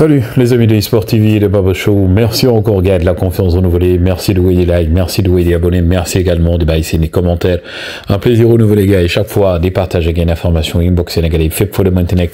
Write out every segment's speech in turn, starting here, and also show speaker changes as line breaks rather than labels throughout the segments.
Salut les amis de eSport TV et de Baba Show, merci encore gars de la confiance renouvelée, merci de vous des likes, merci de vous des abonnés, merci également de baisser les commentaires. Un plaisir renouvelé gars et chaque fois des partages et information inbox sénégalais, fait pour le maintenir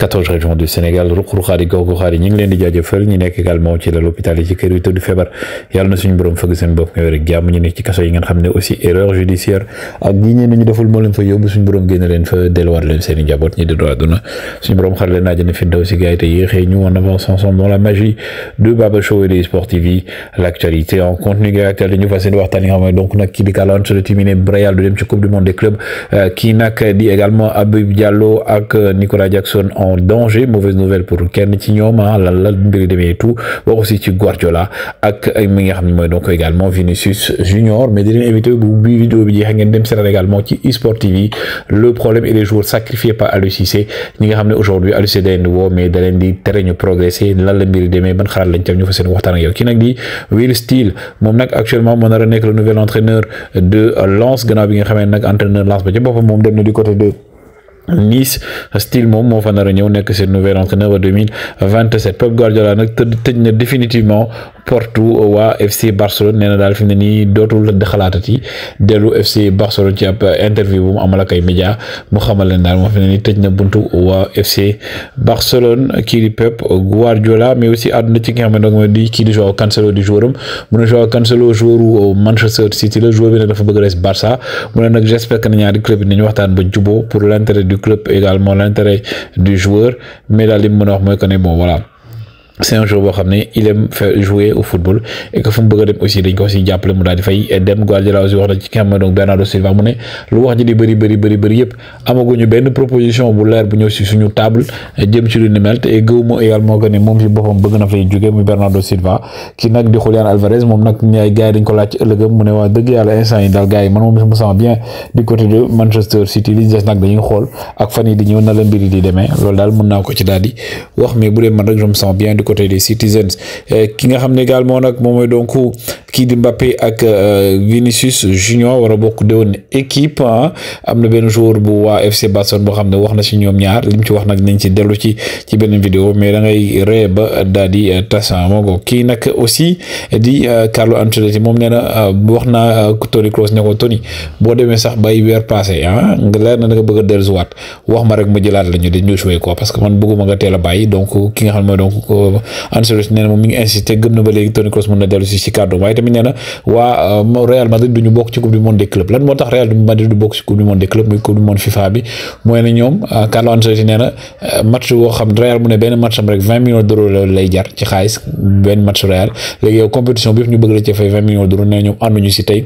14 régions du Sénégal, Rukrukhari, Gorgokhari, Ninglen de Djadjefel, Ninek également qui est l'hôpital et qui est du Fébar, Yalna Sun Brom Fogsen Bok, Gam, Ninek Kasso Ingen Hamne aussi erreur judiciaire, À Nidaful Molen Foyob, Sun Brom Generen Fe, Delwar Len Sénégal, Ni de Doaduna, Sun Brom Kharlen Adjane Fenda aussi gars et Yéhe, nous ensemble dans la magie de Baba et des Sport TV. L'actualité en contenu caractère de Newfassin Edouard Tani donc nak ki di kalan sur le timine Brayal de Coupe du monde des clubs euh, qui nak dit également Abib Diallo et euh, Nicolas Jackson en danger mauvaise nouvelle pour Ken ci hein, la la de tout aussi ci Guardiola et mi nga donc également Vinicius Junior mais di invité bu vidéo bi hangendem également ci eSport TV le problème est les joueurs sacrifiés par Alucissé, nous ñi aujourd'hui Aliou Cissé nouveau mais da leen di tere toogee si lan la mbiri démé ban xalaat lañ tam ñu fa seen waxtaan ak yow ki nak di Will Steele mom nak actuellement moo nar a nekk le nouvel entraîneur de lance gannaaw bi nga xamé nak entraîneur lance ba ci boppam mom dem na du côté de Nice style moom moo fa nar nouvelle ñëw nekk entraîneur 2027 Pep Guardiola nak tëj na définitivement Porto wa FC Barcelone nee dal daal ni dotul de nii delu FC Barcelone ci ab interview bu mu amal ak ay média mu xamal na dal mo fi ne na buntu wa FC Barcelone ki di Pep Guardiola mais aussi àdduna ci nga xam ne di ki di joueur Cancelo di joueur mu ne Cancelo joueur Manchester City le joueur bi ne dafa bëgg res Barça mu ne nag j'espère que ñaari club ni nañu waxtaan ba jubóo pour l'intérêt du club également l'intérêt du joueur mais la limite moi me bon voilà c'est un joueur bo xamné il aime faire jouer au football et que fum mu bëgg dem aussi dañ ko ci jappalé mu daal di fay dem Guardiola aussi wax na ci Cameroon donc Bernardo Silva mu né lu wax ji di bëri bëri bëri bëri yëpp amaguñu benn proposition bu leer bu ñëw ci suñu table jëm ci lu ni mel te gëwuma également que ne moom si boppam bëgg na fay jóge mu Bernardo Silva ki nak di Julian Alvarez moom nag ñaay gars dañ ko laaj ci mu né wa dëgg Yalla instant yi dal gars yi man moom sama me bien du côté de Manchester City li des nag dañuy xol ak fan yi di ñëw na la mbiri di démé lool dal mën naa ko ci daal di wax mais bu dee man rek je me sens bien du côté des Citizens eh, ki nga xam ne également nag moom mooy donc Kylian Mbappé ak euh, Vinicius Junior wara a de won équipe ah ben jour bu wa FC Barcelone bo xamne waxna ci ñom ñaar lim ci wax nak nañ ci delu ci ci beneen vidéo mais da ngay ree ba di tasa ki nak aussi di euh, Carlo Ancelotti moom nee na euh, wax Toni Kroos ne ko Toni bo démé sax bay wër passé hein nga leer na nga bëgg a wat wax ma rek ma jëlat lañu di ñu joué ko parce que man bëgguma nga téla bay donc ki nga xamne ne donc Ancelotti neena mo mi ngi insister gëm na ba légui Toni Kroos mëna delu ci ci cadeau mi nee na waa euh, Real Madrid du bokk ci coupe du monde des clubs lan moo tax Real Madrid du bokk ci coupe du monde des clubs muy coupe du monde FIFA bi mooy ne ñoom euh, Carlo Ancelotti nee na euh, match woo xam Real mu ne benn match am rek vingt millions d'euros lay jar ci xaalis benn match Real léegi yow compétition bi yëpp ñu bëgg la ci fay vingt millions d'euros nee na ñoom ànduñu si tey.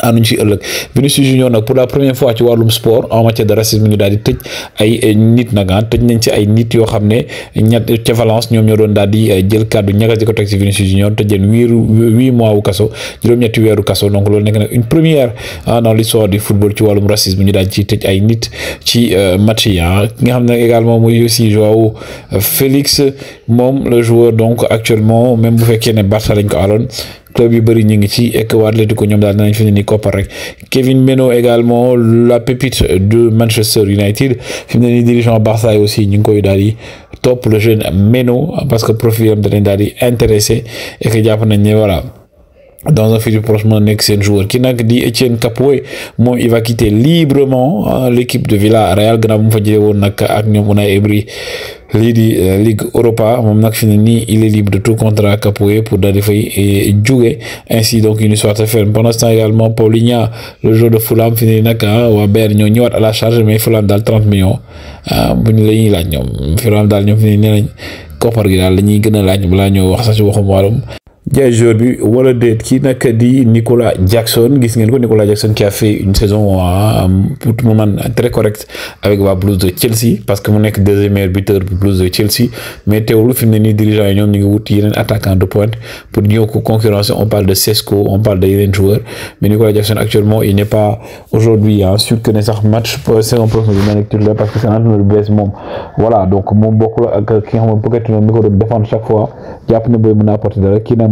anuñ ci ëllëg Vinicius Junior nak pour la première fois ci walum sport en matière de racisme ñu daal di ay eh, nit nag ah tëj nañ ci ay nit yo xamné ñat ci Valence ñom ñoo doon daal eh, jël kàddu ñagas di ko ci si Vinicius Junior te jël huit mois wu kaso juróom-ñetti wëru kasso donc lool nekk nag une première ah, dans l'histoire du football ci walum racisme ñu daal ci ciy ay nit ci eh, match ya ah. nga xamné également mooy aussi Joao Félix mom le joueur donc actuellement même bu fekké né Barça lañ ko alone club yu bari ñu ngi ci ek waa Atlético ñoom daal danañ fi ne ni koppar rek Kevin Meno également la pépite de Manchester United fi mu ne ni dirigeant Barça aussi ñi ngi koy daal di topp le jeune Meno parce que profil dañ dal daal intéressé et que japp nañ ne voilà dans un futur prochain nekk seen joueur ki nag di Etienne Capoue moom il va quitter librement hein, l'équipe de Villa. Real bu mu fa jëlee woon nag ak ñoom di euh, Ligue Europa moom il est libre de tout contrat Capoue pour d'aller di euh, jouer ainsi donc une histoire se ferme pendant ce temps également Paulinho le joueur de Fulham fini n'a qu'à nag hein, waa Bayern à la charge mais Fulham daal 30 millions hein, bu ñu la là. laaj Fulham daal ñoom fi ne nii nee nañ koppar gi daal la ñuy gën a laaj balaa ñoo wax sax ci waxum Jai aujourd'hui bi wala de ki nak di Nicolas Jackson gis ngeen ko Nicolas Jackson qui a fait une saison euh, pour le moment très correcte avec wa Blues de Chelsea parce que mu nek deuxième meilleur buteur bu Blues de Chelsea mais teewlu fi ni dirigeant ñom ñi ngi wut yeneen attaquant de pointe pour ñëw ko concurrence on parle de Sesco on parle de yeneen joueur mais Nicolas Jackson actuellement il n'est pas aujourd'hui hein, sûr que ne sax match euh, saison prochaine du ma parce que c'est un entraîneur bu bees voilà donc moom bokku ak ki nga xam ne peut micro de défendre chaque fois japp ne boy mën a apporter dara n'a